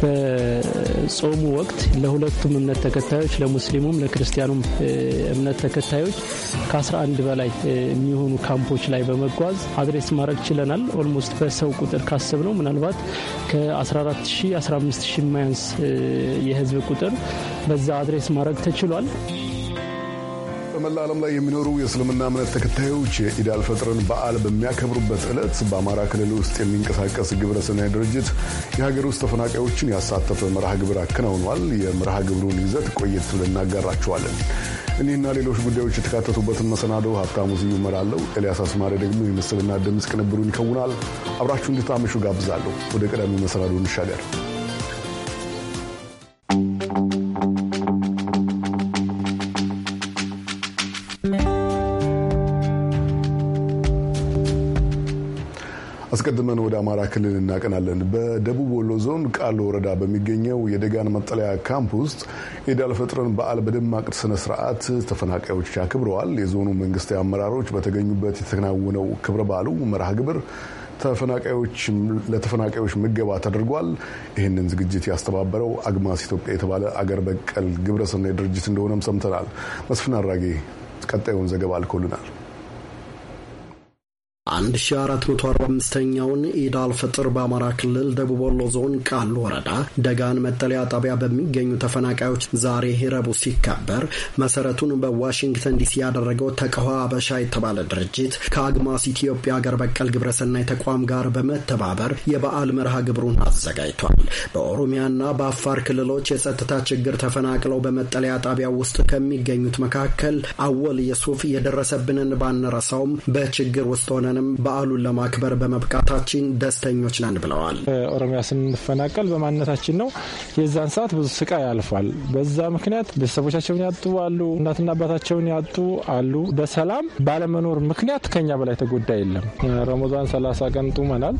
በጾሙ ወቅት ለሁለቱም እምነት ተከታዮች ለሙስሊሙም ለክርስቲያኑም እምነት ተከታዮች ከ11 በላይ የሚሆኑ ካምፖች ላይ በመጓዝ አድሬስ ማድረግ ችለናል። ኦልሞስት በሰው ቁጥር ካስብ ነው ምናልባት ከ14000 15000 ማያንስ የህዝብ ቁጥር በዛ አድሬስ ማድረግ ተችሏል። በመላ ዓለም ላይ የሚኖሩ የእስልምና እምነት ተከታዮች የኢድ አልፈጥርን በዓል በሚያከብሩበት ዕለት በአማራ ክልል ውስጥ የሚንቀሳቀስ ግብረሰናይ ድርጅት የሀገር ውስጥ ተፈናቃዮችን ያሳተፈ መርሃ ግብር አከናውኗል። የመርሃ ግብሩን ይዘት ቆየት ብለን እናጋራችኋለን። እኒህና ሌሎች ጉዳዮች የተካተቱበትን መሰናዶ ሀብታሙ ስዩም እመራለሁ። ኤልያስ አስማሪ ደግሞ የምስልና ድምፅ ቅንብሩን ይከውናል። አብራችሁ እንድታመሹ ጋብዛለሁ። ወደ ቀዳሚ መሰናዶ እንሻገር። ተጉዘን ወደ አማራ ክልል እናቀናለን። በደቡብ ወሎ ዞን ቃሉ ወረዳ በሚገኘው የደጋን መጠለያ ካምፕ ውስጥ ኢድ አልፈጥርን በዓል በደማቅ ስነ ስርዓት ተፈናቃዮች አክብረዋል። የዞኑ መንግስታዊ አመራሮች በተገኙበት የተከናወነው ክብረ በዓሉ መርሃ ግብር ለተፈናቃዮች ምገባ ተደርጓል። ይህንን ዝግጅት ያስተባበረው አግማስ ኢትዮጵያ የተባለ አገር በቀል ግብረሰናይ ድርጅት እንደሆነም ሰምተናል። መስፍን አራጌ ቀጣዩን ዘገባ አልኮልናል። 1445ኛውን ኢድ አልፈጥር በአማራ ክልል ደቡብ ወሎ ዞን ቃል ወረዳ ደጋን መጠለያ ጣቢያ በሚገኙ ተፈናቃዮች ዛሬ ረቡዕ ሲከበር መሰረቱን በዋሽንግተን ዲሲ ያደረገው ተቃዋ አበሻ የተባለ ድርጅት ከአግማስ ኢትዮጵያ አገር በቀል ግብረሰናይ ተቋም ጋር በመተባበር የበዓል መርሃ ግብሩን አዘጋጅቷል። በኦሮሚያና በአፋር ክልሎች የጸጥታ ችግር ተፈናቅለው በመጠለያ ጣቢያ ውስጥ ከሚገኙት መካከል አወል የሱፍ የደረሰብንን ባንረሳውም በችግር ውስጥ ሆነ ተፈናቅለንም በዓሉን ለማክበር በመብቃታችን ደስተኞች ነን ብለዋል። ኦሮሚያ ስንፈናቀል በማንነታችን ነው። የዛን ሰዓት ብዙ ስቃይ አልፏል። በዛ ምክንያት ቤተሰቦቻቸውን ያጡ አሉ፣ እናትና አባታቸውን ያጡ አሉ። በሰላም ባለመኖር ምክንያት ከኛ በላይ ተጎዳ የለም። ረመዛን ሰላሳ ቀን ጡመናል።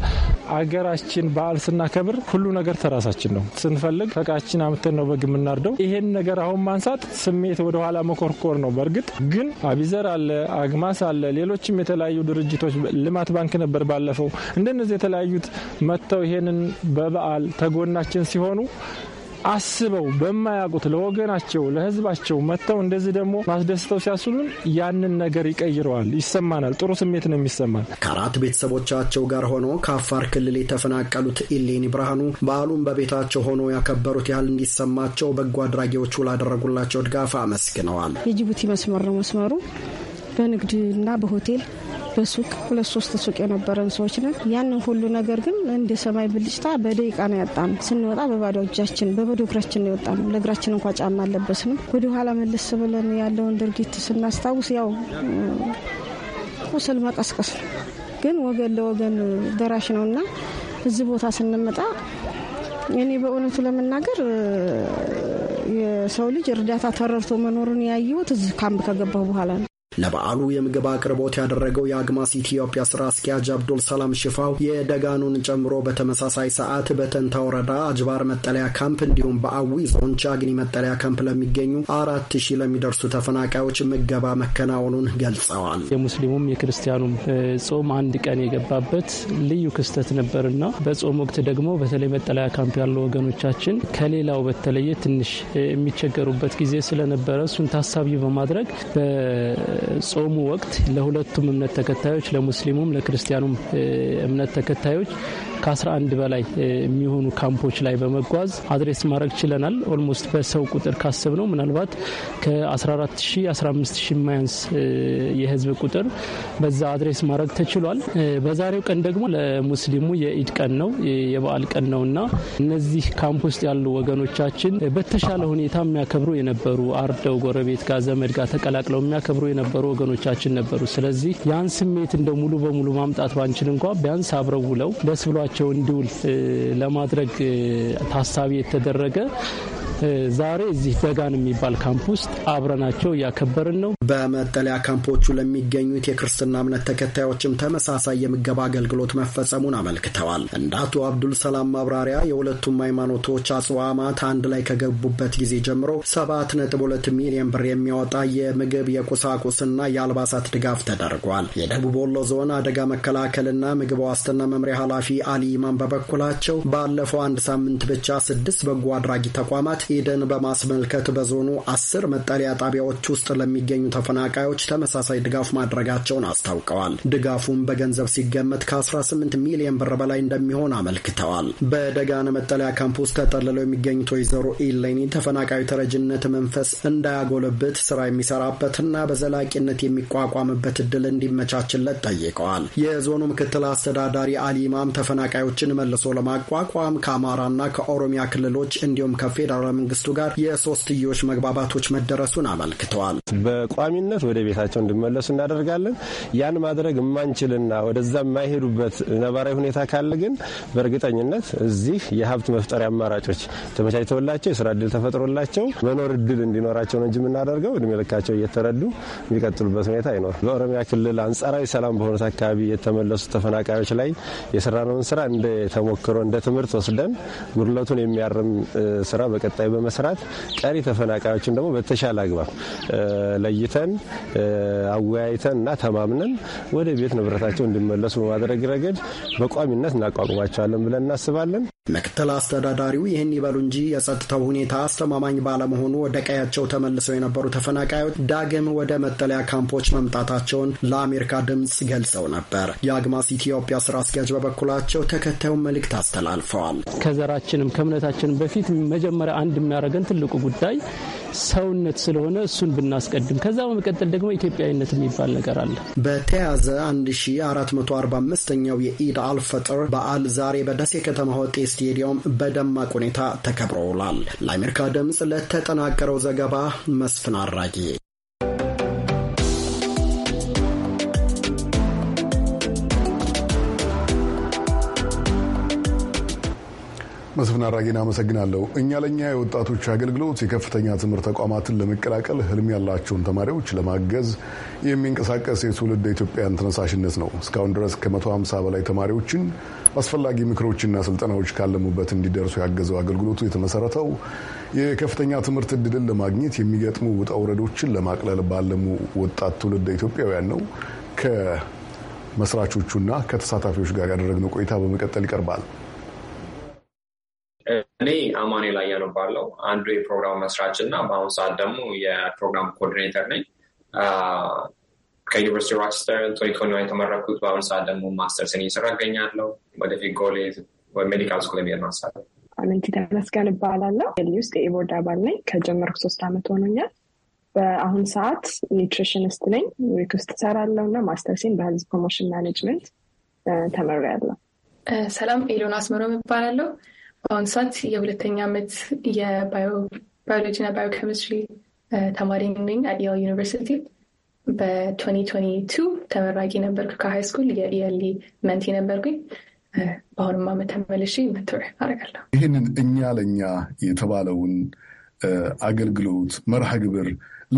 አገራችን በዓል ስናከብር ሁሉ ነገር ተራሳችን ነው። ስንፈልግ ፈቃችን አምተን ነው በግ የምናርደው። ይሄን ነገር አሁን ማንሳት ስሜት ወደኋላ መኮርኮር ነው። በእርግጥ ግን አቢዘር አለ፣ አግማስ አለ፣ ሌሎችም የተለያዩ ድርጅቶች ልማት ባንክ ነበር ባለፈው። እንደነዚህ የተለያዩት መጥተው ይሄንን በበዓል ተጎናችን ሲሆኑ አስበው በማያውቁት ለወገናቸው ለሕዝባቸው መጥተው እንደዚህ ደግሞ ማስደስተው ሲያስሉን ያንን ነገር ይቀይረዋል። ይሰማናል፣ ጥሩ ስሜት ነው የሚሰማን። ከአራት ቤተሰቦቻቸው ጋር ሆኖ ከአፋር ክልል የተፈናቀሉት ኢሌኒ ብርሃኑ በዓሉን በቤታቸው ሆኖ ያከበሩት ያህል እንዲሰማቸው በጎ አድራጊዎቹ ላደረጉላቸው ድጋፍ አመስግነዋል። የጅቡቲ መስመር ነው መስመሩ በንግድና በሆቴል በሱቅ ሁለት ሶስት ሱቅ የነበረን ሰዎች ነን። ያንን ሁሉ ነገር ግን እንደ ሰማይ ብልጭታ በደቂቃ ነው ያጣነው። ስንወጣ በባዶ እጃችን በባዶ እግራችን ነው የወጣነው። ለእግራችን እንኳ ጫማ አለበስንም። ወደኋላ መለስ ብለን ያለውን ድርጊት ስናስታውስ ያው ቁስል መቀስቀስ ነው። ግን ወገን ለወገን ደራሽ ነው እና እዚህ ቦታ ስንመጣ እኔ በእውነቱ ለመናገር የሰው ልጅ እርዳታ ተረድቶ መኖሩን ያየሁት እዚህ ካምፕ ከገባሁ በኋላ ነው። ለበዓሉ የምግብ አቅርቦት ያደረገው የአግማስ ኢትዮጵያ ስራ አስኪያጅ አብዱል ሰላም ሽፋው የደጋኑን ጨምሮ በተመሳሳይ ሰዓት በተንታ ወረዳ አጅባር መጠለያ ካምፕ እንዲሁም በአዊ ዞን ቻግኒ መጠለያ ካምፕ ለሚገኙ አራት ሺህ ለሚደርሱ ተፈናቃዮች ምገባ መከናወኑን ገልጸዋል። የሙስሊሙም የክርስቲያኑም ጾም አንድ ቀን የገባበት ልዩ ክስተት ነበርና በጾም ወቅት ደግሞ በተለይ መጠለያ ካምፕ ያለው ወገኖቻችን ከሌላው በተለየ ትንሽ የሚቸገሩበት ጊዜ ስለነበረ እሱን ታሳቢ በማድረግ በጾሙ ወቅት ለሁለቱም እምነት ተከታዮች ለሙስሊሙም ለክርስቲያኑም እምነት ተከታዮች ከ11 በላይ የሚሆኑ ካምፖች ላይ በመጓዝ አድሬስ ማድረግ ችለናል። ኦልሞስት በሰው ቁጥር ካስብ ነው ምናልባት ከ14 15 የማያንስ የህዝብ ቁጥር በዛ አድሬስ ማድረግ ተችሏል። በዛሬው ቀን ደግሞ ለሙስሊሙ የኢድ ቀን ነው የበዓል ቀን ነውና እነዚህ ካምፕ ውስጥ ያሉ ወገኖቻችን በተሻለ ሁኔታ የሚያከብሩ የነበሩ አርደው ጎረቤት ጋር ዘመድ ጋር ተቀላቅለው የሚያከብሩ የነበሩ ወገኖቻችን ነበሩ። ስለዚህ ያን ስሜት እንደ ሙሉ በሙሉ ማምጣት ባንችል እንኳ ቢያንስ አብረው ውለው ደስ ብሏ በቤታቸው እንዲውል ለማድረግ ታሳቢ የተደረገ ዛሬ እዚህ ደጋን የሚባል ካምፕ ውስጥ አብረናቸው እያከበርን ነው። በመጠለያ ካምፖቹ ለሚገኙት የክርስትና እምነት ተከታዮችም ተመሳሳይ የምገባ አገልግሎት መፈጸሙን አመልክተዋል። እንደ አቶ አብዱል ሰላም ማብራሪያ የሁለቱም ሃይማኖቶች አጽዋማት አንድ ላይ ከገቡበት ጊዜ ጀምሮ ሰባት ነጥብ ሁለት ሚሊዮን ብር የሚያወጣ የምግብ የቁሳቁስና የአልባሳት ድጋፍ ተደርጓል። የደቡብ ወሎ ዞን አደጋ መከላከልና ምግብ ዋስትና መምሪያ ኃላፊ አሊ ኢማን በበኩላቸው ባለፈው አንድ ሳምንት ብቻ ስድስት በጎ አድራጊ ተቋማት ሂደን በማስመልከት በዞኑ አስር መጠለያ ጣቢያዎች ውስጥ ለሚገኙ ተፈናቃዮች ተመሳሳይ ድጋፍ ማድረጋቸውን አስታውቀዋል። ድጋፉም በገንዘብ ሲገመት ከ18 ሚሊዮን ብር በላይ እንደሚሆን አመልክተዋል። በደጋነ መጠለያ ካምፕ ውስጥ ተጠልለው የሚገኙት ወይዘሮ ኢሌኒ ተፈናቃዩ ተረጅነት መንፈስ እንዳያጎለብት ስራ የሚሰራበትና በዘላቂነት የሚቋቋምበት እድል እንዲመቻችለት ጠይቀዋል። የዞኑ ምክትል አስተዳዳሪ አሊ ተፈናቃዮችን መልሶ ለማቋቋም ከአማራና ከኦሮሚያ ክልሎች እንዲሁም ከፌዴራል መንግስቱ ጋር የሶስትዮሽ መግባባቶች መደረሱን አመልክተዋል። በቋሚነት ወደ ቤታቸው እንዲመለሱ እናደርጋለን። ያን ማድረግ የማንችልና ወደዛ የማይሄዱበት ነባራዊ ሁኔታ ካለ ግን በእርግጠኝነት እዚህ የሀብት መፍጠሪያ አማራጮች ተመቻችተውላቸው የስራ እድል ተፈጥሮላቸው መኖር እድል እንዲኖራቸው ነው እንጂ የምናደርገው እድሜ ልካቸው እየተረዱ የሚቀጥሉበት ሁኔታ አይኖር። በኦሮሚያ ክልል አንጻራዊ ሰላም በሆኑት አካባቢ የተመለሱ ተፈናቃዮች ላይ የሰራነውን ስራ እንደ ተሞክሮ እንደ ትምህርት ወስደን ጉድለቱን የሚያርም ስራ በቀጣይ ላይ በመስራት ቀሪ ተፈናቃዮችን ደግሞ በተሻለ አግባብ ለይተን አወያይተን እና ተማምነን ወደ ቤት ንብረታቸው እንዲመለሱ በማድረግ ረገድ በቋሚነት እናቋቁማቸዋለን ብለን እናስባለን። ምክትል አስተዳዳሪው ይህን ይበሉ እንጂ የጸጥታው ሁኔታ አስተማማኝ ባለመሆኑ ወደ ቀያቸው ተመልሰው የነበሩ ተፈናቃዮች ዳግም ወደ መጠለያ ካምፖች መምጣታቸውን ለአሜሪካ ድምፅ ገልጸው ነበር። የአግማስ ኢትዮጵያ ስራ አስኪያጅ በበኩላቸው ተከታዩን መልእክት አስተላልፈዋል። ከዘራችንም ከእምነታችንም በፊት መጀመሪያ አንድ የሚያደርገን ትልቁ ጉዳይ ሰውነት ስለሆነ እሱን ብናስቀድም፣ ከዛ በመቀጠል ደግሞ ኢትዮጵያዊነት የሚባል ነገር አለ። በተያዘ 1445ኛው የኢድ አልፈጥር በዓል ዛሬ በደሴ ከተማ ወጤ ስቴዲየም በደማቅ ሁኔታ ተከብሮ ለአሜሪካ ድምፅ ለተጠናቀረው ዘገባ መስፍን አራጌ መስፍን አራጌን አመሰግናለሁ። እኛ ለእኛ የወጣቶች አገልግሎት የከፍተኛ ትምህርት ተቋማትን ለመቀላቀል ህልም ያላቸውን ተማሪዎች ለማገዝ የሚንቀሳቀስ የትውልድ ኢትዮጵያን ተነሳሽነት ነው። እስካሁን ድረስ ከ150 በላይ ተማሪዎችን አስፈላጊ ምክሮችና ስልጠናዎች ካለሙበት እንዲደርሱ ያገዘው አገልግሎቱ የተመሰረተው የከፍተኛ ትምህርት እድልን ለማግኘት የሚገጥሙ ውጣ ውረዶችን ለማቅለል ባለሙ ወጣት ትውልድ ኢትዮጵያውያን ነው። ከመስራቾቹና ከተሳታፊዎች ጋር ያደረግነው ቆይታ በመቀጠል ይቀርባል። እኔ አማኔ ላይ ያነባለው አንዱ የፕሮግራም መስራች እና በአሁኑ ሰዓት ደግሞ የፕሮግራም ኮኦርዲኔተር ነኝ። ከዩኒቨርሲቲ ሮቸስተር ቶኒቶኒ የተመረኩት በአሁኑ ሰዓት ደግሞ ማስተር ስን ስራ እገኛለሁ። ወደፊት ጎሌ ሜዲካል ስኩል የሚሄድ ማሳለ አለንኪዳን ተመስገን እባላለሁ። ሊ ውስጥ የኢቦርድ አባል ነኝ። ከጀመርኩ ሶስት ዓመት ሆኖኛል። በአሁን ሰዓት ኒውትሪሽንስት ነኝ። ዊክ ውስጥ እሰራለሁ እና ማስተር ሲን በሄልዝ ፕሮሞሽን ማኔጅመንት ተመሪያለሁ። ሰላም ኤሎን አስመሮ እባላለሁ። በአሁኑ ሰዓት የሁለተኛ ዓመት የባዮሎጂ የባዮሎጂና ባዮኬሚስትሪ ተማሪ ነኝ። አዲያ ዩኒቨርሲቲ በ2022 ተመራቂ ነበርኩ። ከሃይ ስኩል የኢያሊ መንቲ ነበርኩኝ። በአሁኑም ዓመት ተመልሼ ምትር አደርጋለሁ። ይህንን እኛ ለእኛ የተባለውን አገልግሎት መርሃ ግብር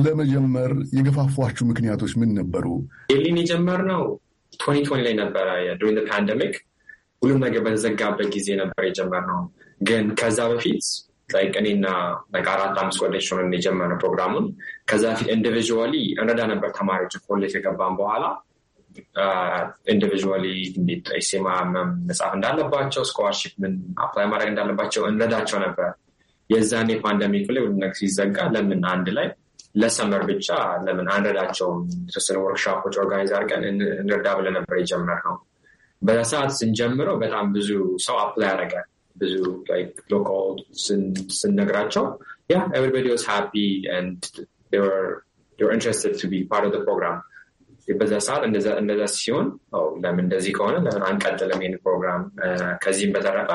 ለመጀመር የገፋፏችሁ ምክንያቶች ምን ነበሩ? ኢያሊን የጀመርነው ቶኒ ላይ ነበረ ዱሪንግ ፓንደሚክ ሁሉም ነገር በተዘጋበት ጊዜ ነበር የጀመርነው። ግን ከዛ በፊት እኔና አራት አምስት ወደ ሆነ የጀመርነው ፕሮግራሙን። ከዛ በፊት ኢንዲቪዥዋሊ እንረዳ ነበር ተማሪዎች ኮሌጅ ከገባን በኋላ ኢንዲቪዥዋሊ ሴማ መጽሐፍ እንዳለባቸው ስኮላርሺፕ ምን አፕላይ ማድረግ እንዳለባቸው እንረዳቸው ነበር። የዛን የፓንደሚክ ላይ ሁሉ ነገር ሲዘጋ ለምን አንድ ላይ ለሰመር ብቻ ለምን አንረዳቸውም? የተወሰነ ወርክሾፖች ኦርጋናይዝ አድርገን እንረዳ ብለን ነበር የጀመርነው በዛ ሰዓት ስንጀምረው በጣም ብዙ ሰው አፕላይ ያደረጋል። ብዙ ሎቆ ስንነግራቸው ያ ኤቨሪባዲ ዋዝ ሃፒ ኢንትረስትድ ቱ ቢ ፓርት ኦፍ ፕሮግራም። በዛ ሰዓት እንደዛ ሲሆን ለምን እንደዚህ ከሆነ ለምን አንቀጥልም ይህን ፕሮግራም ከዚህም በተረፈ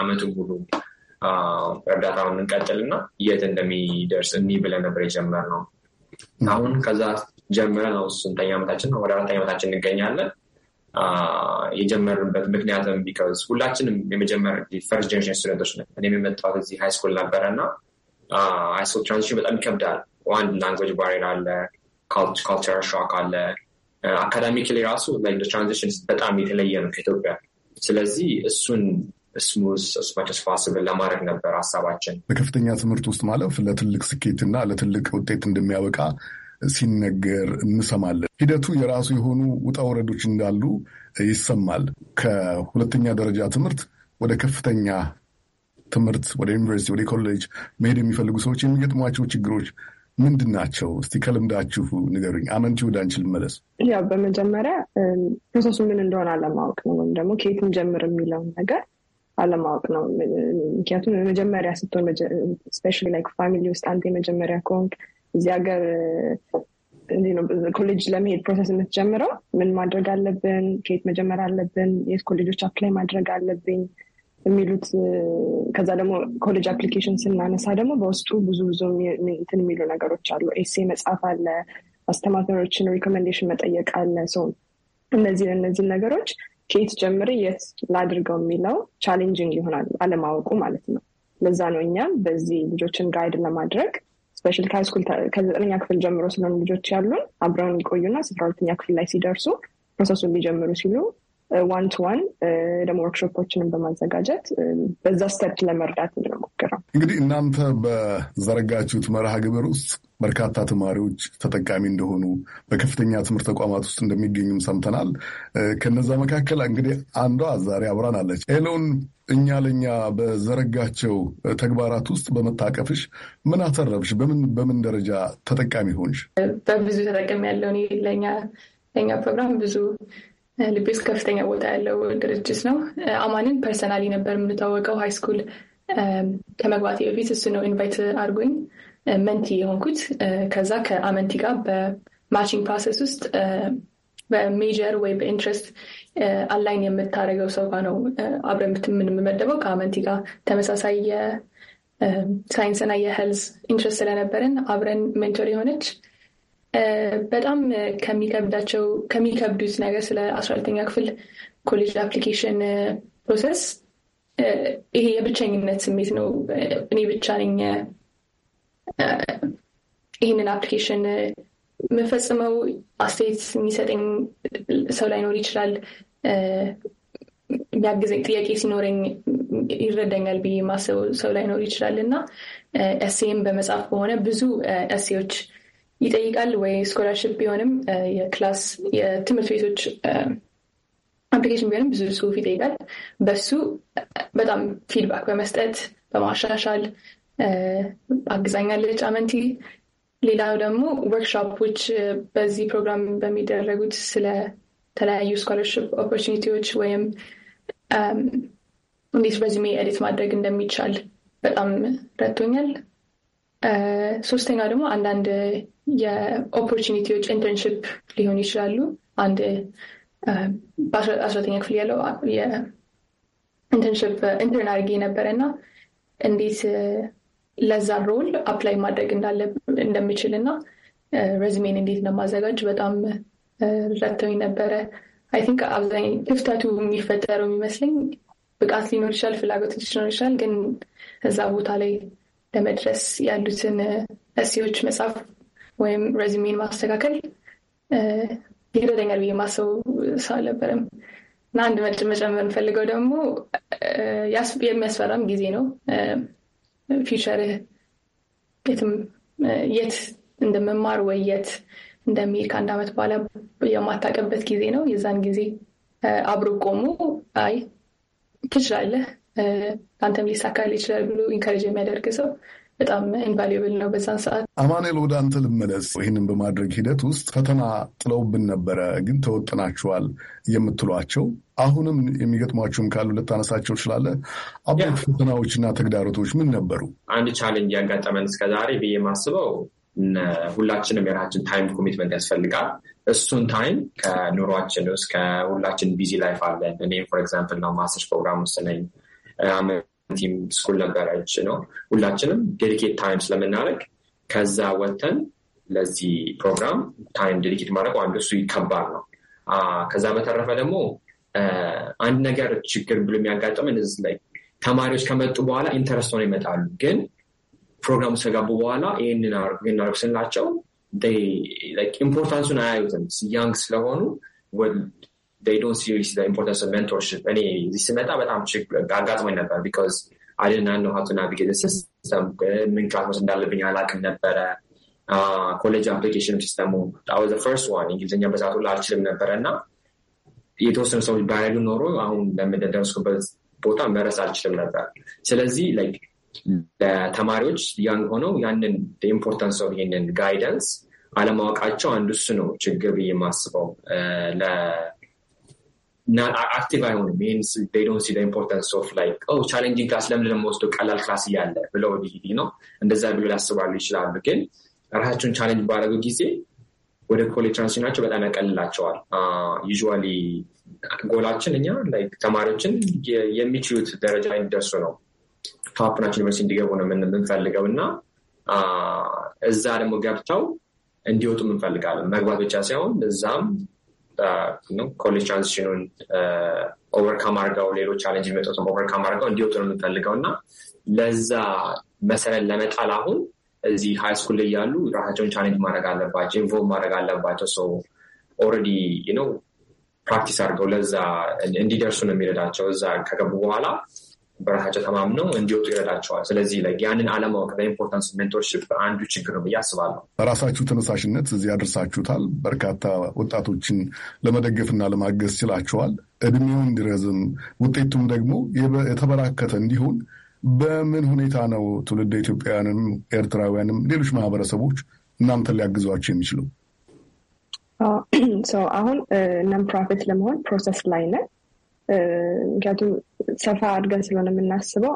አመቱ ሙሉ እርዳታውን እንቀጥልና የት እንደሚደርስ እኒ ብለን ነበር የጀመርነው። አሁን ከዛ ነው ስንተኛ ዓመታችን ነው? ወደ አራተኛ ዓመታችን እንገኛለን። የጀመርንበት ምክንያትም ቢካዝ ሁላችንም የመጀመር ፈርስት ጀኔሬሽን ስቱደንቶች ነ እኔም የመጣሁት እዚህ ሃይስኩል ነበረ እና ሃይስኩል ትራንዚሽን በጣም ይከብዳል። አንድ ላንጉጅ ባሬር አለ፣ ካልቸር ሾክ አለ። አካዳሚክ ላይ ራሱ ትራንዚሽን በጣም የተለየ ነው ከኢትዮጵያ። ስለዚህ እሱን ስሙዝ ስማቸስ ፋስብል ለማድረግ ነበር ሀሳባችን። በከፍተኛ ትምህርት ውስጥ ማለፍ ለትልቅ ስኬትና ለትልቅ ውጤት እንደሚያበቃ ሲነገር እንሰማለን። ሂደቱ የራሱ የሆኑ ውጣ ውረዶች እንዳሉ ይሰማል። ከሁለተኛ ደረጃ ትምህርት ወደ ከፍተኛ ትምህርት ወደ ዩኒቨርሲቲ፣ ወደ ኮሌጅ መሄድ የሚፈልጉ ሰዎች የሚገጥሟቸው ችግሮች ምንድን ናቸው? እስቲ ከልምዳችሁ ንገሩኝ። አመንቲ ወደ አንቺ ልመለስ። ያው በመጀመሪያ ፕሮሰሱ ምን እንደሆነ አለማወቅ ነው፣ ወይም ደግሞ ከየት ጀምር የሚለውን ነገር አለማወቅ ነው። ምክንያቱም የመጀመሪያ ስትሆን ስፔሻሊ ላይክ ፋሚሊ ውስጥ አንተ የመጀመሪያ ከሆንክ እዚህ ሀገር ኮሌጅ ለመሄድ ፕሮሰስ የምትጀምረው ምን ማድረግ አለብን፣ ከየት መጀመር አለብን፣ የት ኮሌጆች አፕላይ ማድረግ አለብኝ የሚሉት ከዛ ደግሞ ኮሌጅ አፕሊኬሽን ስናነሳ ደግሞ በውስጡ ብዙ ብዙ እንትን የሚሉ ነገሮች አሉ። ኤሴ መጻፍ አለ፣ አስተማሪዎችን ሪኮሜንዴሽን መጠየቅ አለ። ሰው እነዚህ እነዚህ ነገሮች ከየት ጀምር የት ላድርገው የሚለው ቻሌንጅንግ ይሆናል፣ አለማወቁ ማለት ነው። ለዛ ነው እኛም በዚህ ልጆችን ጋይድ ለማድረግ ስፔሻል ከሃይስኩል ከዘጠነኛ ክፍል ጀምሮ ስለሆኑ ልጆች ያሉን አብረውን ይቆዩና አስራ ሁለተኛ ክፍል ላይ ሲደርሱ ፕሮሰሱን ሊጀምሩ ሲሉ ዋን ቱ ዋን ደግሞ ወርክሾፖችንም በማዘጋጀት um, በዛ ስተድ ለመርዳት እንሞክረው። እንግዲህ እናንተ በዘረጋችሁት መርሃ ግብር ውስጥ በርካታ ተማሪዎች ተጠቃሚ እንደሆኑ በከፍተኛ ትምህርት ተቋማት ውስጥ እንደሚገኙም ሰምተናል። uh, ከነዛ መካከል እንግዲህ አንዷ ዛሬ አብራን አለች። ሄሎን፣ እኛ ለእኛ በዘረጋቸው ተግባራት ውስጥ በመታቀፍሽ ምን አተረፍሽ? በምን በምን ደረጃ ተጠቃሚ ሆንሽ? በብዙ ተጠቃሚ ያለው ለኛ ፕሮግራም ብዙ ልቤ ውስጥ ከፍተኛ ቦታ ያለው ድርጅት ነው። አማንን ፐርሰናሊ ነበር የምታወቀው ሃይስኩል ከመግባቴ በፊት እሱ ነው ኢንቫይት አድርጎኝ መንቲ የሆንኩት። ከዛ ከአመንቲ ጋር በማቺንግ ፕሮሰስ ውስጥ በሜጀር ወይ በኢንትረስት አላይን የምታደርገው ሰው ጋር ነው አብረ የምመደበው ከአመንቲ ጋር ተመሳሳይ የሳይንስና የሄልዝ ኢንትረስት ስለነበረን አብረን ሜንቶር የሆነች በጣም ከሚከብዳቸው ከሚከብዱት ነገር ስለ አስራ ሁለተኛ ክፍል ኮሌጅ አፕሊኬሽን ፕሮሰስ ይሄ የብቸኝነት ስሜት ነው። እኔ ብቻ ነኝ ይህንን አፕሊኬሽን የምፈጽመው። አስተያየት የሚሰጠኝ ሰው ላይኖር ይችላል። የሚያግዘኝ ጥያቄ ሲኖረኝ ይረዳኛል ብዬ ማሰብ ሰው ላይኖር ይችላል እና ኤሴም በመጽሐፍ በሆነ ብዙ ኤሴዎች ይጠይቃል ወይ ስኮላርሽፕ ቢሆንም የክላስ የትምህርት ቤቶች አፕሊኬሽን ቢሆንም ብዙ ጽሁፍ ይጠይቃል። በሱ በጣም ፊድባክ በመስጠት በማሻሻል አግዛኛለች አመንቲ። ሌላው ደግሞ ወርክሾፖች በዚህ ፕሮግራም በሚደረጉት ተለያዩ ስኮላርሽፕ ኦፖርቹኒቲዎች ወይም እንዴት ረዝሜ ኤዲት ማድረግ እንደሚቻል በጣም ረቶኛል። ሶስተኛው ደግሞ አንዳንድ የኦፖርቹኒቲዎች ኢንተርንሽፕ ሊሆኑ ይችላሉ። አንድ በአስራተኛ ክፍል ያለው የኢንተርንሽፕ ኢንተርን አድርጌ ነበረ እና እንዴት ለዛ ሮል አፕላይ ማድረግ እንደምችል እና ረዝሜን እንዴት እንደማዘጋጅ በጣም ረድተውኝ ነበረ። አይ ቲንክ አብዛኛው ክፍተቱ የሚፈጠረው የሚመስለኝ ብቃት ሊኖር ይችላል፣ ፍላጎት ሊኖር ይችላል፣ ግን እዛ ቦታ ላይ ለመድረስ ያሉትን እሴዎች መጽሐፍ ወይም ረዚሜን ማስተካከል ይረዳኛል ብዬ ማሰቡ ሰው አልነበረም እና አንድ መጨመር የምፈልገው ደግሞ የሚያስፈራም ጊዜ ነው። ፊውቸርህ የት እንደመማር ወይ የት እንደሚሄድ ከአንድ ዓመት በኋላ የማታውቅበት ጊዜ ነው። የዛን ጊዜ አብሮ ቆሙ አይ ትችላለህ ለአንተም ሊሳካል ይችላል ብሎ ኢንካሬጅ የሚያደርግ ሰው በጣም ኢንቫሊብል ነው በዛን ሰዓት። አማኑኤል ወደ አንተ ልመለስ። ይህንን በማድረግ ሂደት ውስጥ ፈተና ጥለውብን ነበረ፣ ግን ተወጥናችኋል የምትሏቸው አሁንም የሚገጥሟቸውም ካሉ ልታነሳቸው ችላለ። አባት ፈተናዎች እና ተግዳሮቶች ምን ነበሩ? አንድ ቻሌንጅ ያጋጠመን እስከዛሬ ብዬ ማስበው ሁላችንም የራችን ታይም ኮሚትመንት ያስፈልጋል። እሱን ታይም ከኑሯችን ውስጥ ከሁላችን ቢዚ ላይፍ አለን። እኔም ፎር ኤግዛምፕል ነው ማስተርስ ፕሮግራም ውስጥ ነኝ አመቲም ስኩል ነበረች ነው። ሁላችንም ዴዲኬት ታይም ስለምናደርግ ከዛ ወተን ለዚህ ፕሮግራም ታይም ዴዲኬት ማድረግ አንዱ እሱ ይከባድ ነው። ከዛ በተረፈ ደግሞ አንድ ነገር ችግር ብሎ የሚያጋጥምን እዚህ ላይ ተማሪዎች ከመጡ በኋላ ኢንተረስት ሆነው ይመጣሉ። ግን ፕሮግራሙ ከገቡ በኋላ ይህንን አድርጉ ስንላቸው ኢምፖርታንሱን አያዩትም ያንግ ስለሆኑ they don't seriously the importance of mentorship ነበር ቢካዝ አይደና ነው ሀብቱ ኮሌጅ አፕሊኬሽን ሲስተሙ ፈርስት ዋን እንግሊዝኛ በዛቱ አልችልም ነበረ እና የተወሰኑ ሰዎች ባይሉ ኖሮ አሁን ለምደደረስኩበት ቦታ መረስ አልችልም ነበር ስለዚህ ለተማሪዎች ያንግ ሆነው ያንን ኢምፖርታንስ ኦፍ ይህንን ጋይደንስ አለማወቃቸው አንዱ እሱ ነው ችግር ብዬ የማስበው not አክቲቭ አይሆንም። ይህን they don't see the importance of like oh challenging class ለምን ለመወስደው ቀላል ክላስ እያለ ብለው ነው እንደዛ ብሎ ሊያስባሉ ይችላሉ። ግን ራሳቸውን ቻሌንጅ ባደረገው ጊዜ ወደ ኮሌጅ ትራንዚሽናቸው በጣም ያቀልላቸዋል። ዩዥዋሊ ጎላችን እኛ ተማሪዎችን የሚችሉት ደረጃ ላይ እንዲደርሱ ነው፣ ካፕናቸው ዩኒቨርሲቲ እንዲገቡ ነው የምንፈልገው እና እዛ ደግሞ ገብተው እንዲወጡ እንፈልጋለን። መግባት ብቻ ሳይሆን እዛም ኮሌጅ ትራንዚሽኑን ኦቨርካም አድርገው ሌሎች ቻለንጅ የሚመጡትን ኦቨርካም አድርገው እንዲወጡ ነው የምንፈልገው እና ለዛ መሰረት ለመጣል አሁን እዚህ ሀይ ስኩል ላይ ያሉ ራሳቸውን ቻሌንጅ ማድረግ አለባቸው፣ ኢንቮልቭ ማድረግ አለባቸው። ሰው ኦልሬዲ ነው ፕራክቲስ አድርገው ለዛ እንዲደርሱ ነው የሚረዳቸው። እዛ ከገቡ በኋላ በራሳቸው ተማምነው እንዲወጡ ይረዳቸዋል። ስለዚህ ላይ ያንን አለማወቅ በኢምፖርታንስ ሜንቶርሽፕ አንዱ ችግር ነው ብዬ አስባለሁ። በራሳችሁ ተነሳሽነት እዚህ ያደርሳችሁታል። በርካታ ወጣቶችን ለመደገፍና ለማገዝ ችላችኋል። እድሜው እንዲረዝም ውጤቱም ደግሞ የተበራከተ እንዲሆን በምን ሁኔታ ነው ትውልደ ኢትዮጵያውያንም ኤርትራውያንም ሌሎች ማህበረሰቦች እናንተን ሊያግዟቸው የሚችሉ? አሁን ነን ፕሮፊት ለመሆን ፕሮሰስ ላይ ነን። ምክንያቱም ሰፋ አድርገን ስለሆነ የምናስበው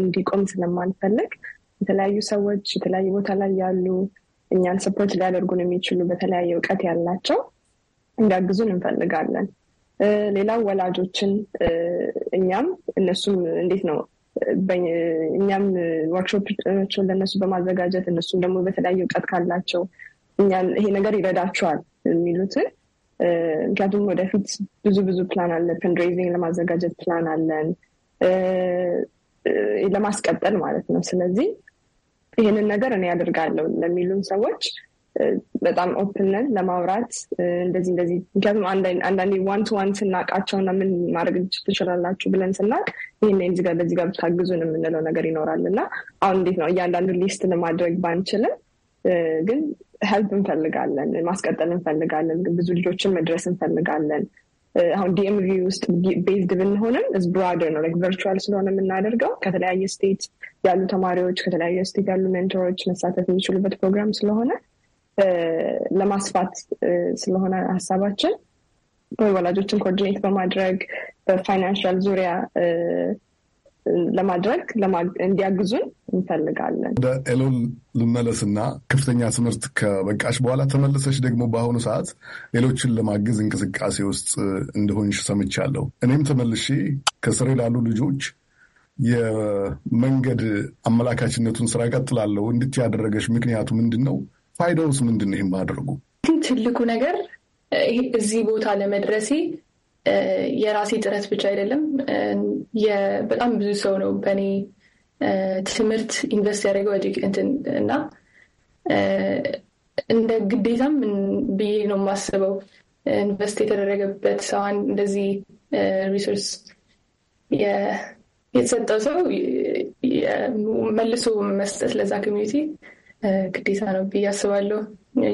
እንዲቆም ስለማንፈልግ የተለያዩ ሰዎች የተለያዩ ቦታ ላይ ያሉ እኛን ስፖርት ሊያደርጉን የሚችሉ በተለያየ እውቀት ያላቸው እንዲያግዙን እንፈልጋለን። ሌላው ወላጆችን እኛም እነሱም እንዴት ነው እኛም ወርክሾፖችን ለእነሱ በማዘጋጀት እነሱም ደግሞ በተለያየ እውቀት ካላቸው እኛን ይሄ ነገር ይረዳቸዋል የሚሉትን ምክንያቱም ወደፊት ብዙ ብዙ ፕላን አለን። ፈንድሬዚንግ ለማዘጋጀት ፕላን አለን ለማስቀጠል ማለት ነው። ስለዚህ ይህንን ነገር እኔ ያደርጋለሁ ለሚሉም ሰዎች በጣም ኦፕንን ለማውራት እንደዚህ እንደዚህ ምክንያቱም አንዳንዴ ዋን ቱ ዋን ስናቃቸውና ምን ማድረግ ትችላላችሁ ብለን ስናውቅ ይህን እዚህ ጋር በዚህ ጋር ብታግዙን የምንለው ነገር ይኖራል እና አሁን እንዴት ነው እያንዳንዱ ሊስት ለማድረግ ባንችልም ግን ሄልፕ እንፈልጋለን፣ ማስቀጠል እንፈልጋለን፣ ብዙ ልጆችን መድረስ እንፈልጋለን። አሁን ዲኤምቪ ውስጥ ቤዝድ ብንሆንም እዝ ብራደር ነው ቨርቹዋል ስለሆነ የምናደርገው ከተለያየ ስቴት ያሉ ተማሪዎች ከተለያየ ስቴት ያሉ ሜንቶሮች መሳተፍ የሚችሉበት ፕሮግራም ስለሆነ ለማስፋት ስለሆነ ሀሳባችን ወይ ወላጆችን ኮኦርዲኔት በማድረግ በፋይናንሻል ዙሪያ ለማድረግ እንዲያግዙን እንፈልጋለን። ወደ ኤሎን ልመለስና ከፍተኛ ትምህርት ከበቃሽ በኋላ ተመለሰች ደግሞ በአሁኑ ሰዓት ሌሎችን ለማገዝ እንቅስቃሴ ውስጥ እንደሆንሽ ሰምቻለሁ። እኔም ተመልሼ ከስሬ ላሉ ልጆች የመንገድ አመላካችነቱን ስራ ቀጥላለሁ። እንድት ያደረገች ምክንያቱ ምንድን ነው? ፋይዳውስ ምንድን ነው? ይህም ማድረጉ ትልቁ ነገር እዚህ ቦታ ለመድረሴ የራሴ ጥረት ብቻ አይደለም። በጣም ብዙ ሰው ነው በእኔ ትምህርት ኢንቨስት ያደረገው እንትን እና እንደ ግዴታም ብዬ ነው የማስበው። ኢንቨስት የተደረገበት ሰው እንደዚህ ሪሶርስ የተሰጠው ሰው መልሶ መስጠት ለዛ ኮሚኒቲ ግዴታ ነው ብዬ አስባለሁ።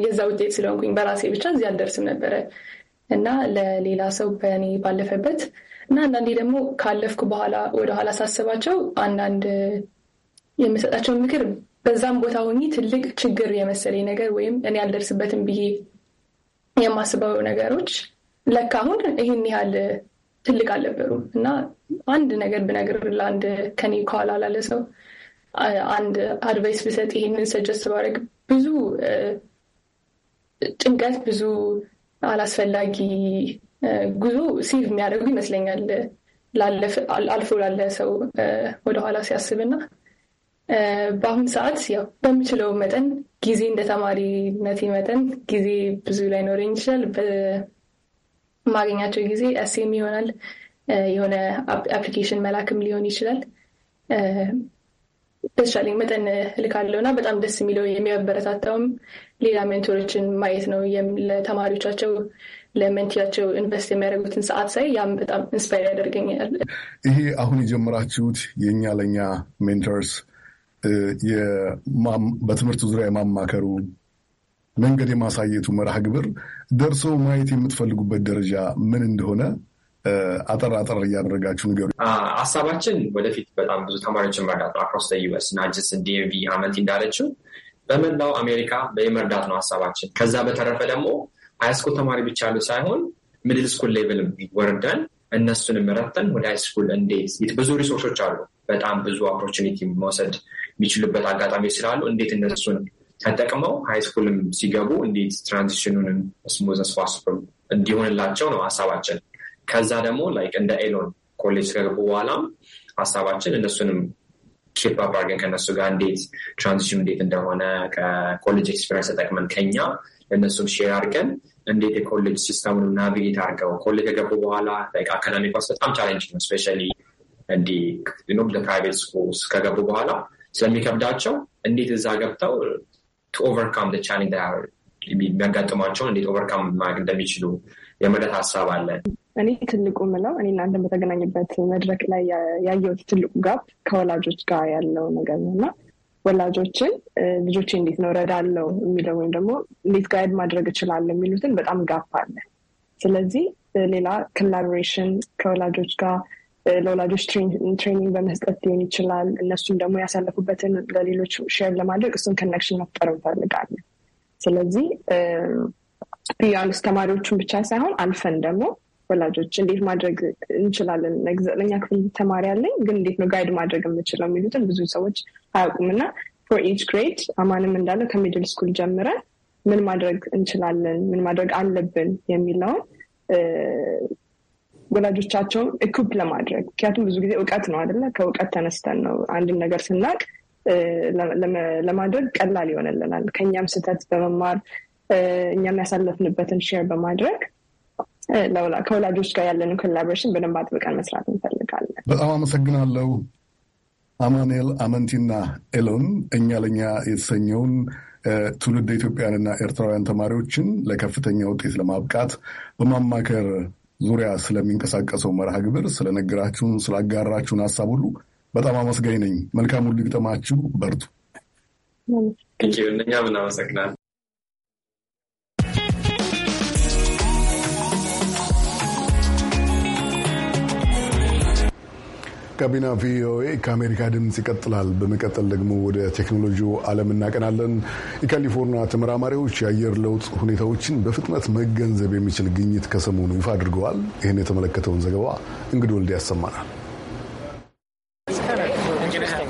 የዛ ውጤት ስለሆንኩኝ በራሴ ብቻ እዚህ አልደርስም ነበረ። እና ለሌላ ሰው በእኔ ባለፈበት እና አንዳንዴ ደግሞ ካለፍኩ በኋላ ወደኋላ ሳስባቸው አንዳንድ የምሰጣቸውን ምክር በዛም ቦታ ሆኚ ትልቅ ችግር የመሰለኝ ነገር ወይም እኔ አልደርስበትም ብዬ የማስበው ነገሮች ለካ አሁን ይህን ያህል ትልቅ አልነበሩም እና አንድ ነገር ብነግር ለአንድ ከኔ ከኋላ ላለ ሰው አንድ አድቫይስ ብሰጥ ይህንን ሰጀስት ባደርግ ብዙ ጭንቀት ብዙ አላስፈላጊ ጉዞ ሴቭ የሚያደርጉ ይመስለኛል አልፎ ላለ ሰው ወደኋላ ሲያስብና በአሁን ሰዓት ያው በምችለው መጠን ጊዜ እንደ ተማሪነት መጠን ጊዜ ብዙ ላይኖረኝ ይችላል። በማገኛቸው ጊዜ ኤሴም ይሆናል የሆነ አፕሊኬሽን መላክም ሊሆን ይችላል። በተቻለኝ መጠን እልካለሁ እና በጣም ደስ የሚለው የሚያበረታታውም ሌላ ሜንቶሮችን ማየት ነው። ለተማሪዎቻቸው ለመንቲያቸው ኢንቨስት የሚያደርጉትን ሰዓት ሳይ ያም በጣም ኢንስፓይር ያደርገኛል። ይሄ አሁን የጀመራችሁት የእኛ ለእኛ ሜንተርስ በትምህርት ዙሪያ የማማከሩ መንገድ የማሳየቱ መርሃ ግብር ደርሰው ማየት የምትፈልጉበት ደረጃ ምን እንደሆነ አጠር አጠር እያደረጋችሁ ንገሩ። ሀሳባችን ወደፊት በጣም ብዙ ተማሪዎችን መርዳት ነው። አክሮስ ዩስ ናጅስ ዲቪ አመት እንዳለችው በመላው አሜሪካ በመርዳት ነው ሀሳባችን። ከዛ በተረፈ ደግሞ ሃይስኩል ተማሪ ብቻ ያሉ ሳይሆን ሚድል ስኩል ሌቭልም ወርደን እነሱን ረተን ወደ ሃይስኩል እንዴት ብዙ ሪሶርሶች አሉ። በጣም ብዙ ኦፖርቹኒቲ መውሰድ የሚችሉበት አጋጣሚ ስላሉ እንዴት እነሱን ተጠቅመው ሃይስኩልም ሲገቡ እንዴት ትራንዚሽኑንም ስሙዝ አስፋስብል እንዲሆንላቸው ነው ሀሳባችን። ከዛ ደግሞ ላይክ እንደ ኤሎን ኮሌጅ ከገቡ በኋላም ሀሳባችን እነሱንም ኬፕ አፕ አድርገን ከእነሱ ጋር እንዴት ትራንዚሽን እንዴት እንደሆነ ከኮሌጅ ኤክስፔሪንስ ተጠቅመን ከኛ ለእነሱም ሼር አድርገን እንዴት የኮሌጅ ሲስተሙን ናቪጌት አድርገው ኮሌጅ ከገቡ በኋላ አካዳሚክ ዋስ በጣም ቻለንጅ ነው። ስፔሻሊ እንዲህ ለፕራይቬት ስኩልስ ከገቡ በኋላ ስለሚከብዳቸው እንዴት እዛ ገብተው ቱ ኦቨርካም ቻሌንጅ የሚያጋጥሟቸውን እንዴት ኦቨርካም ማድረግ እንደሚችሉ የመረት ሀሳብ አለን። እኔ ትልቁ ምለው እኔ እናንተ በተገናኝበት መድረክ ላይ ያየሁት ትልቁ ጋፕ ከወላጆች ጋር ያለው ነገር ነው እና ወላጆችን ልጆች እንዴት ነው ረዳለው የሚለው ወይም ደግሞ እንዴት ጋይድ ማድረግ እችላለሁ የሚሉትን በጣም ጋፕ አለ። ስለዚህ ሌላ ኮላቦሬሽን ከወላጆች ጋር ለወላጆች ትሬኒንግ በመስጠት ሊሆን ይችላል። እነሱም ደግሞ ያሳለፉበትን ለሌሎች ሼር ለማድረግ እሱን ኮኔክሽን መፍጠር እንፈልጋለን። ስለዚህ ቢያንስ ተማሪዎቹን ብቻ ሳይሆን አልፈን ደግሞ ወላጆች እንዴት ማድረግ እንችላለን? ዘጠነኛ ክፍል ተማሪ ያለኝ ግን እንዴት ነው ጋይድ ማድረግ የምችለው የሚሉትን ብዙ ሰዎች አያውቁም እና ፎር ኢች ግሬድ አማንም እንዳለ ከሚድል ስኩል ጀምረን ምን ማድረግ እንችላለን፣ ምን ማድረግ አለብን የሚለውን ወላጆቻቸውን እኩፕ ለማድረግ ምክንያቱም ብዙ ጊዜ እውቀት ነው አይደለ? ከእውቀት ተነስተን ነው አንድን ነገር ስናውቅ ለማድረግ ቀላል ይሆንልናል። ከእኛም ስህተት በመማር እኛም ያሳለፍንበትን ሼር በማድረግ ከወላጆች ጋር ያለን ኮላቦሬሽን በደንብ አጥብቀን መስራት እንፈልጋለን። በጣም አመሰግናለሁ። አማኑኤል አመንቲና ኤሎን እኛ ለኛ የተሰኘውን ትውልድ ኢትዮጵያውያንና ኤርትራውያን ተማሪዎችን ለከፍተኛ ውጤት ለማብቃት በማማከር ዙሪያ ስለሚንቀሳቀሰው መርሃ ግብር ስለነገራችሁን፣ ስላጋራችሁን ሀሳብ ሁሉ በጣም አመስጋኝ ነኝ። መልካም ሁሉ ይግጠማችሁ፣ በርቱ። እኛም እናመሰግናለን። ጋቢና ቪኦኤ ከአሜሪካ ድምፅ ይቀጥላል። በመቀጠል ደግሞ ወደ ቴክኖሎጂው ዓለም እናቀናለን። የካሊፎርኒያ ተመራማሪዎች የአየር ለውጥ ሁኔታዎችን በፍጥነት መገንዘብ የሚችል ግኝት ከሰሞኑ ይፋ አድርገዋል። ይህን የተመለከተውን ዘገባ እንግዶ ወልድ ያሰማናል።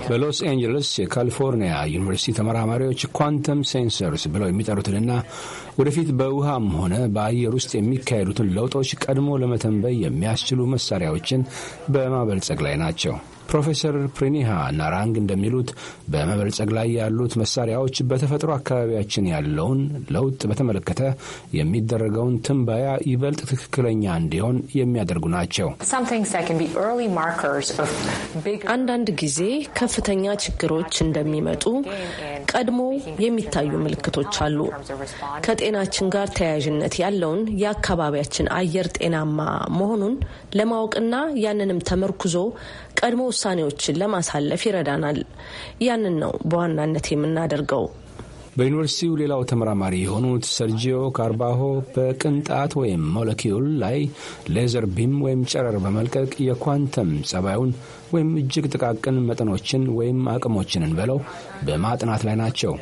በሎስ አንጀለስ የካሊፎርኒያ ዩኒቨርሲቲ ተመራማሪዎች ኳንተም ሴንሰርስ ብለው የሚጠሩትንና ወደፊት በውሃም ሆነ በአየር ውስጥ የሚካሄዱትን ለውጦች ቀድሞ ለመተንበይ የሚያስችሉ መሳሪያዎችን በማበልጸግ ላይ ናቸው። ፕሮፌሰር ፕሪኒሃ ናራንግ እንደሚሉት በመበልጸግ ላይ ያሉት መሳሪያዎች በተፈጥሮ አካባቢያችን ያለውን ለውጥ በተመለከተ የሚደረገውን ትንባያ ይበልጥ ትክክለኛ እንዲሆን የሚያደርጉ ናቸው። አንዳንድ ጊዜ ከፍተኛ ችግሮች እንደሚመጡ ቀድሞ የሚታዩ ምልክቶች አሉ። ከጤናችን ጋር ተያያዥነት ያለውን የአካባቢያችን አየር ጤናማ መሆኑን ለማወቅና ያንንም ተመርኩዞ ቀድሞ ውሳኔዎችን ለማሳለፍ ይረዳናል። ያንን ነው በዋናነት የምናደርገው። በዩኒቨርሲቲው ሌላው ተመራማሪ የሆኑት ሰርጂዮ ካርባሆ በቅንጣት ወይም ሞለኪውል ላይ ሌዘር ቢም ወይም ጨረር በመልቀቅ የኳንተም ጸባዩን ወይም እጅግ ጥቃቅን መጠኖችን ወይም አቅሞችንን ብለው በማጥናት ላይ ናቸው።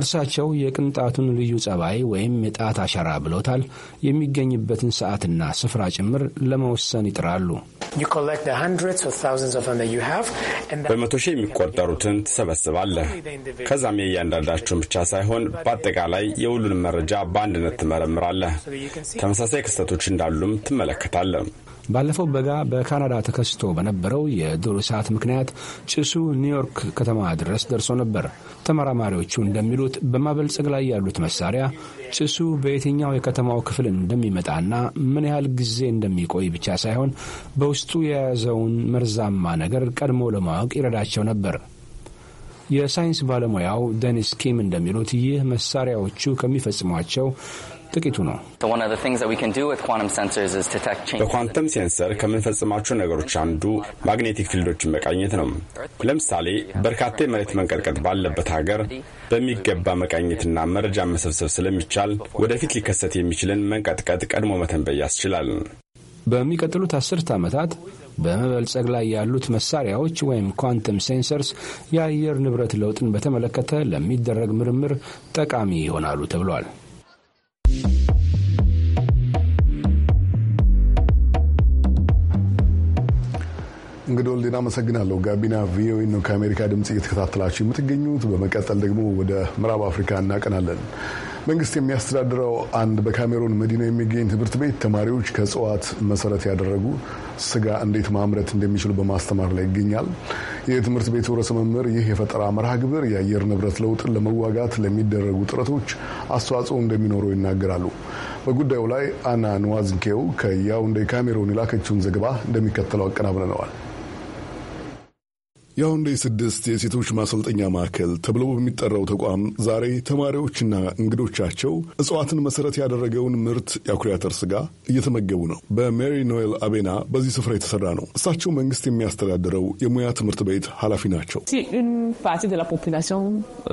እርሳቸው የቅንጣቱን ልዩ ጸባይ ወይም የጣት አሻራ ብለውታል የሚገኝበትን ሰዓትና ስፍራ ጭምር ለመወሰን ይጥራሉ። በመቶ ሺህ የሚቆጠሩትን ትሰበስባለህ። ከዛም የእያንዳንዳቸውን ብቻ ሳይሆን በአጠቃላይ የሁሉንም መረጃ በአንድነት ትመረምራለህ። ተመሳሳይ ክስተቶች እንዳሉም ትመለከታለህ። ባለፈው በጋ በካናዳ ተከስቶ በነበረው የዱር እሳት ምክንያት ጭሱ ኒውዮርክ ከተማ ድረስ ደርሶ ነበር። ተመራማሪዎቹ እንደሚሉት በማበልጸግ ላይ ያሉት መሳሪያ ጭሱ በየትኛው የከተማው ክፍል እንደሚመጣና ምን ያህል ጊዜ እንደሚቆይ ብቻ ሳይሆን በውስጡ የያዘውን መርዛማ ነገር ቀድሞ ለማወቅ ይረዳቸው ነበር። የሳይንስ ባለሙያው ደኒስ ኪም እንደሚሉት ይህ መሳሪያዎቹ ከሚፈጽሟቸው ጥቂቱ ነው። በኳንተም ሴንሰር ከምንፈጽማቸው ነገሮች አንዱ ማግኔቲክ ፊልዶችን መቃኘት ነው። ለምሳሌ በርካታ የመሬት መንቀጥቀጥ ባለበት ሀገር በሚገባ መቃኘትና መረጃ መሰብሰብ ስለሚቻል ወደፊት ሊከሰት የሚችልን መንቀጥቀጥ ቀድሞ መተንበይ ያስችላል። በሚቀጥሉት አስርት ዓመታት በመበልጸግ ላይ ያሉት መሳሪያዎች ወይም ኳንተም ሴንሰርስ የአየር ንብረት ለውጥን በተመለከተ ለሚደረግ ምርምር ጠቃሚ ይሆናሉ ተብሏል። እንግዲህ አመሰግናለሁ። ጋቢና ቪኦኤ ነው ከአሜሪካ ድምፅ እየተከታተላችሁ የምትገኙት። በመቀጠል ደግሞ ወደ ምዕራብ አፍሪካ እናቀናለን። መንግስት የሚያስተዳድረው አንድ በካሜሩን መዲና የሚገኝ ትምህርት ቤት ተማሪዎች ከእጽዋት መሰረት ያደረጉ ስጋ እንዴት ማምረት እንደሚችሉ በማስተማር ላይ ይገኛል። የትምህርት ቤቱ ርዕሰ መምህር ይህ የፈጠራ መርሃ ግብር የአየር ንብረት ለውጥን ለመዋጋት ለሚደረጉ ጥረቶች አስተዋጽኦ እንደሚኖረው ይናገራሉ። በጉዳዩ ላይ አና ንዋዝንኬው ከያውንዴ ካሜሩን የላከችውን ዘገባ እንደሚከተለው አቀናብረነዋል። የሁንዴ ስድስት የሴቶች ማሰልጠኛ ማዕከል ተብሎ በሚጠራው ተቋም ዛሬ ተማሪዎችና እንግዶቻቸው እጽዋትን መሰረት ያደረገውን ምርት የአኩሪ አተር ስጋ እየተመገቡ ነው። በሜሪ ኖኤል አቤና በዚህ ስፍራ የተሰራ ነው። እሳቸው መንግስት የሚያስተዳድረው የሙያ ትምህርት ቤት ኃላፊ ናቸው። euh,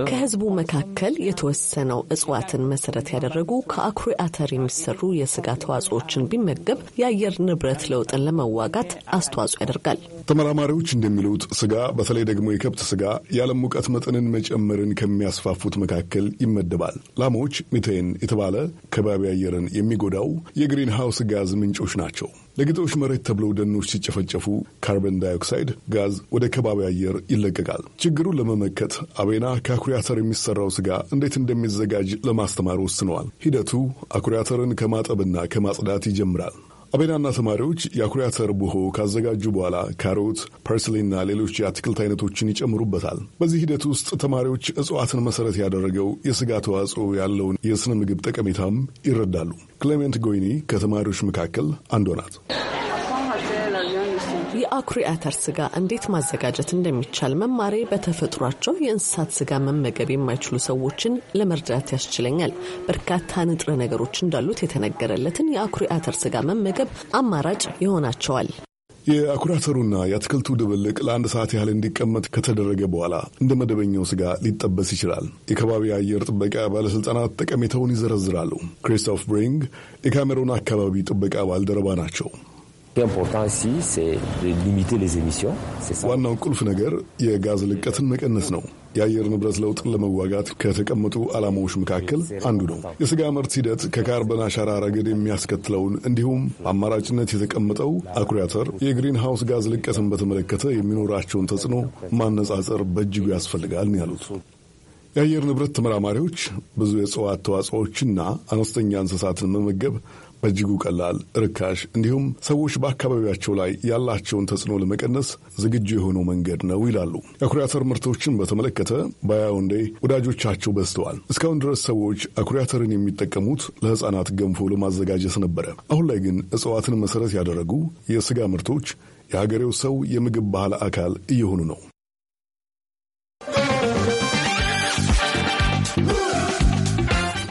ከህዝቡ መካከል የተወሰነው እጽዋትን መሰረት ያደረጉ ከአኩሪ አተር የሚሰሩ የስጋ ተዋጽኦችን ቢመገብ የአየር ንብረት ለውጥን ለመዋጋት አስተዋጽኦ ያደርጋል። ተመራማሪዎች እንደሚሉት ስጋ በተለይ ደግሞ የከብት ስጋ የዓለም ሙቀት መጠንን መጨመርን ከሚያስፋፉት መካከል ይመደባል። ላሞች ሚቴን የተባለ ከባቢ አየርን የሚጎዳው የግሪን ሃውስ ጋዝ ምንጮች ናቸው። ለግጦሽ መሬት ተብለው ደኖች ሲጨፈጨፉ ካርበን ዳይኦክሳይድ ጋዝ ወደ ከባቢ አየር ይለቀቃል። ችግሩን ለመመከት አቤና ከአኩሪ አተር የሚሰራው ስጋ እንዴት እንደሚዘጋጅ ለማስተማር ወስነዋል። ሂደቱ አኩሪ አተርን ከማጠብና ከማጽዳት ይጀምራል። አቤናና ተማሪዎች የአኩሪ አተር ቡሆ ካዘጋጁ በኋላ ካሮት፣ ፐርስሊና ሌሎች የአትክልት አይነቶችን ይጨምሩበታል። በዚህ ሂደት ውስጥ ተማሪዎች እጽዋትን መሰረት ያደረገው የስጋ ተዋጽኦ ያለውን የስነ ምግብ ጠቀሜታም ይረዳሉ። ክሌሜንት ጎይኒ ከተማሪዎች መካከል አንዷ ናት። የአኩሪ አተር ስጋ እንዴት ማዘጋጀት እንደሚቻል መማሬ በተፈጥሯቸው የእንስሳት ስጋ መመገብ የማይችሉ ሰዎችን ለመርዳት ያስችለኛል። በርካታ ንጥረ ነገሮች እንዳሉት የተነገረለትን የአኩሪ አተር ስጋ መመገብ አማራጭ ይሆናቸዋል። የአኩሪ አተሩና የአትክልቱ ድብልቅ ለአንድ ሰዓት ያህል እንዲቀመጥ ከተደረገ በኋላ እንደ መደበኛው ስጋ ሊጠበስ ይችላል። የከባቢ አየር ጥበቃ ባለሥልጣናት ጠቀሜታውን ይዘረዝራሉ። ክሪስቶፍ ብሪንግ የካሜሮን አካባቢ ጥበቃ ባልደረባ ናቸው። ዋናው ቁልፍ ነገር የጋዝ ልቀትን መቀነስ ነው። የአየር ንብረት ለውጥን ለመዋጋት ከተቀመጡ ዓላማዎች መካከል አንዱ ነው። የስጋ ምርት ሂደት ከካርበን አሻራ ረገድ የሚያስከትለውን እንዲሁም በአማራጭነት የተቀመጠው አኩሪ አተር የግሪን ጋዝ ልቀትን በተመለከተ የሚኖራቸውን ተጽዕኖ ማነጻጸር በእጅጉ ያስፈልጋል ነው ያሉት። የአየር ንብረት ተመራማሪዎች ብዙ የእጽዋት ተዋጽኦችና አነስተኛ እንስሳትን መመገብ በእጅጉ ቀላል፣ ርካሽ እንዲሁም ሰዎች በአካባቢያቸው ላይ ያላቸውን ተጽዕኖ ለመቀነስ ዝግጁ የሆነው መንገድ ነው ይላሉ። የአኩሪ አተር ምርቶችን በተመለከተ በያውንዴ ወዳጆቻቸው በዝተዋል። እስካሁን ድረስ ሰዎች አኩሪ አተርን የሚጠቀሙት ለሕፃናት ገንፎ ለማዘጋጀት ነበረ። አሁን ላይ ግን እጽዋትን መሠረት ያደረጉ የስጋ ምርቶች የሀገሬው ሰው የምግብ ባህል አካል እየሆኑ ነው።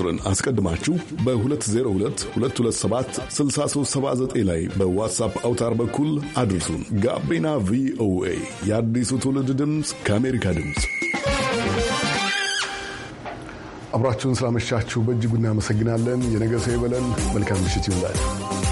ቁጥርን አስቀድማችሁ በ2022276379 ላይ በዋትሳፕ አውታር በኩል አድርሱን። ጋቢና ቪኦኤ የአዲሱ ትውልድ ድምፅ ከአሜሪካ ድምፅ አብራችሁን ስላመሻችሁ በእጅጉ እናመሰግናለን። የነገ ሰው ይበለን። መልካም ምሽት ይሁንላችሁ።